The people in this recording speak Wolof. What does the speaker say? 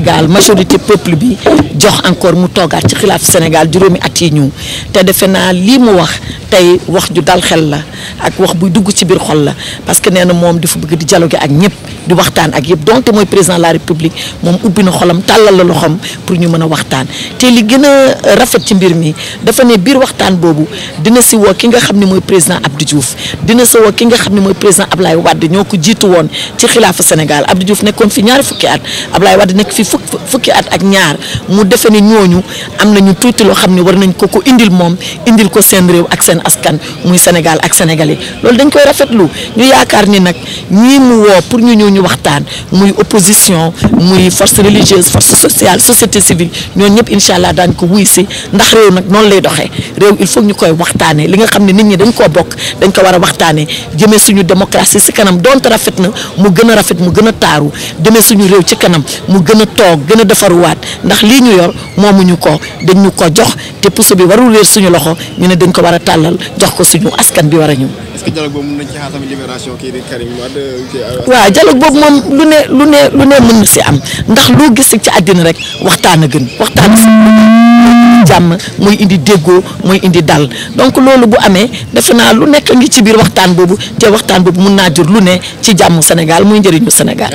Sénégal majorité peuple bi jox encore mu toogaat ci xilaaf Sénégal juróomi at yi ñu te defe naa lii mu wax tey wax ju dal xel la ak wax buy dugg ci biir xol la parce que nee na moom defu bëgg di dialoguer ak ñëpp di waxtaan ak yëpp donte mooy président de la république moom ubbi na xolam tàllal la loxoom pour ñu mën a waxtaan te li gën a rafet ci mbir mi dafa ne biir waxtaan boobu dina si woo ki nga xam ne mooy président Abdou Diouf dina soo ki nga xam ne mooy président Ablaye Wade ñoo ko jiitu woon ci xilaafa Sénégal Abdou Diouf nekkoon fi ñaari fukki at Ablaye Wade nekk fi fukk fukki at ak ñaar mu defe ne ñooñu am nañu tuuti loo xam ne war nañ ko ko indil moom indil ko seen réew ak seen askan muy Sénégal ak sénégal yi loolu dañ koy rafetlu ñu yaakaar ni nag ñii mu woo pour ñu ñëw ñu waxtaan muy opposition muy force religieuse force sociale société civile ñooñu ñëpp incha allah daañu ko wuy si ndax réew nag lay doxee réew il ñu koy waxtaanee li nga xam ne nit ñi dañ koo bokk dañ ko war a wax waxtaanee jëmee suñu démocratie si kanam rafet na mu gën a rafet mu gën a taaru demee suñu réew ci kanam mu gën a toog gën a defaruwaat ndax lii ñu yor moomuñu ko dañ ñu ko jox te puso bi warul réer suñu loxo ñu ne dañ ko war a tàllal jox ko suñu askan bi war a ñu. est-ce que dialogue boobu mën nañ ci xaar tamit libération kii di Karim Wade. Euh, waaw dialogue boobu moom lu ne lu ne mën na si am ndax loo gis ci àddina rek waxtaan a gën waxtaan mu jàmm mooy indi déggoo mooy indi dal donc loolu bu amee defe naa lu nekk ngi ci biir waxtaan boobu te waxtaan boobu mun naa jur lu ne ci jàmm Sénégal muy njëriñu Sénégal.